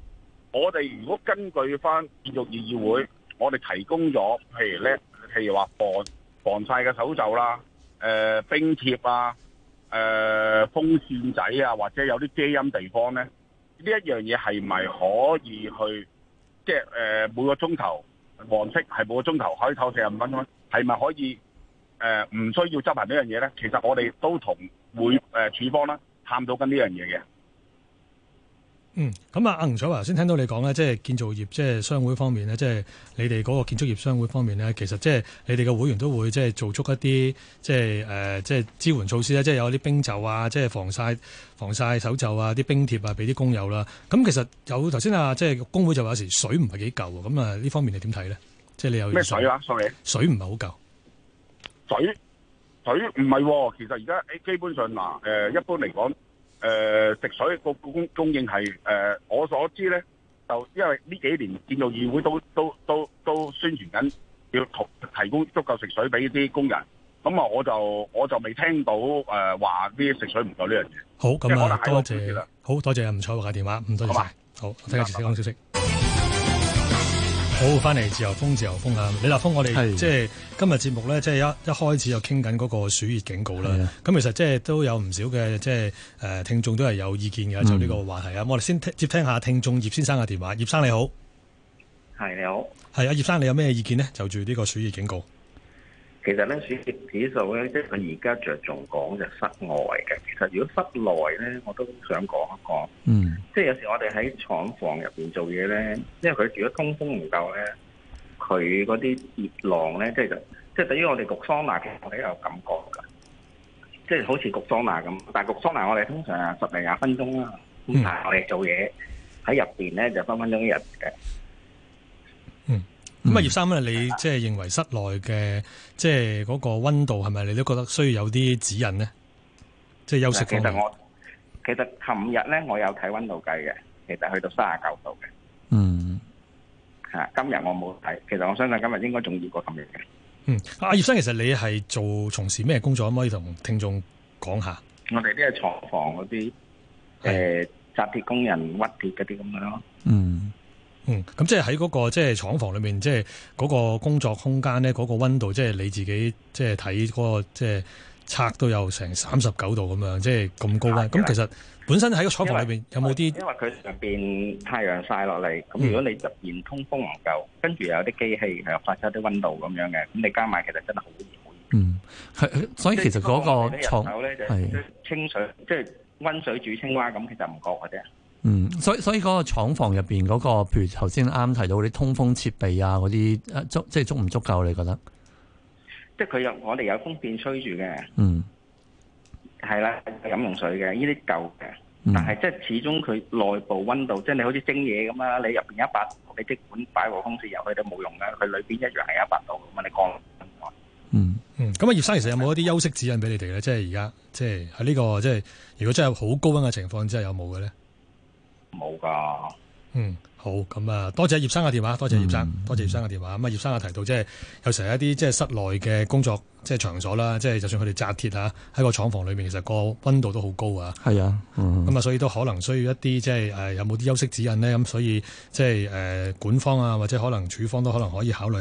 我哋如果根據翻業業議會，我哋提供咗譬如咧，譬如話防防曬嘅手袖啦、誒、呃、冰貼啊。誒、呃，風扇仔啊，或者有啲遮陰地方咧，呢一樣嘢係咪可以去，即係誒每個鐘頭黃色係每個鐘頭可以透四十五分鐘，係咪可以誒唔、呃、需要執行呢樣嘢咧？其實我哋都同每誒處方啦、啊、探到緊呢樣嘢嘅。嗯，咁、嗯、啊，吳彩華，先聽到你講咧，即係建造業，即係商會方面咧，即係你哋嗰個建築業商會方面咧，其實即係你哋嘅會員都會即係做足一啲，即係誒、呃，即係支援措施咧，即係有啲冰袖，袖冰啊，即係防曬防曬手袖啊，啲冰貼啊，俾啲工友啦。咁其實有頭先啊，即係工會就有時水唔係幾夠啊。咁啊，呢方面你點睇咧？即係你有咩水啊？sorry，水唔係好夠。水水唔係，其實而家基本上嗱，誒、呃，一般嚟講。誒、呃、食水個供供應係誒、呃、我所知咧，就因為呢幾年建造業議會都都都都宣傳緊要提提供足夠食水俾啲工人，咁啊我就我就未聽到誒話啲食水唔夠呢樣嘢。好咁啊， 多謝好多謝吳彩華嘅電話，唔、嗯、多謝。好，吧好，睇下其他新聞消息。好，翻嚟自由風，自由風啊！李立峰，我哋即係的今日節目咧，即係一一開始就傾緊嗰個暑熱警告啦。咁的其實即係都有唔少嘅即係誒、呃、聽眾都係有意見嘅、嗯、就呢個話題啊。我哋先接聽下聽眾葉先生嘅電話，葉生你好，係，你好，係呀葉生，你有咩意見呢？就住呢個暑熱警告。其實咧，暑熱指數咧，即係佢而家着重講就室外嘅。其實如果室內咧，我都想講一講。嗯，即係有時我哋喺廠房入邊做嘢咧，因為佢如果通風唔夠咧，佢嗰啲熱浪咧，即係就即係對於我哋焗桑拿，其實我比較有感覺㗎。即係好似焗桑拿咁，但係焗桑拿我哋通常啊十零廿分鐘啦、啊，咁、嗯、但係我哋做嘢喺入邊咧就分分鐘一日嘅。咁啊，葉生啊，嗯、你即係認為室內嘅即係嗰個溫度係咪你都覺得需要有啲指引呢？即、就、係、是、休息方其。其實我其實琴日咧，我有睇溫度計嘅，其實去到卅九度嘅。嗯。嚇！今日我冇睇，其實我相信今日應該仲熱過琴日嘅。嗯，阿、啊、葉生，其實你係做從事咩工作？可唔可以同聽眾講下？我哋啲係廠房嗰啲，誒紮是、呃、鐵工人、屈鐵嗰啲咁樣咯。嗯。嗯，咁即係喺嗰個即係廠房裏面，即係嗰個工作空間咧，嗰個温度即係你自己即係睇嗰個即係測都有成三十九度咁樣，即係咁高啦。咁、啊、其實為本身喺個廠房裏邊有冇啲？因為佢上邊太陽曬落嚟，咁如果你突然通風唔夠，跟住又有啲機器係發出啲温度咁樣嘅，咁你加埋其實真係好熱好熱。嗯，係所以其實嗰個廠係、就係、清水即係温水煮青蛙咁，其實唔覺嘅啫。嗯，所以所以嗰個廠房入邊嗰個，譬如頭先啱提到嗰啲通風設備啊，嗰啲足即係足唔足夠？你覺得？即係佢有我哋有風片吹住嘅。嗯，係啦，飲用水嘅，呢啲夠嘅，但係即係始終佢內部溫度，即係你好似蒸嘢咁啊，你入邊一百度，你即管擺個風扇入去都冇用㗎，佢裏邊一樣係一百度咁啊，你降溫？嗯嗯，咁啊，葉生其實有冇一啲休息指引俾你哋咧？即係而家，即係喺呢個，即係如果真係好高溫嘅情況，之下，有冇嘅咧？冇㗎。嗯，嗯，好，咁啊多謝葉生嘅電話，多謝葉生，嗯、多謝葉生嘅電話。咁啊葉生啊提到，即係有時有一啲即係室內嘅工作，即係場所啦，即係就算佢哋紮鐵啊，喺個廠房裏面，其實個溫度都好高啊。係、嗯、啊，咁啊、嗯、所以都可能需要一啲即係誒、呃、有冇啲休息指引咧？咁所以即係誒、呃、管方啊，或者可能處方都可能可以考慮下。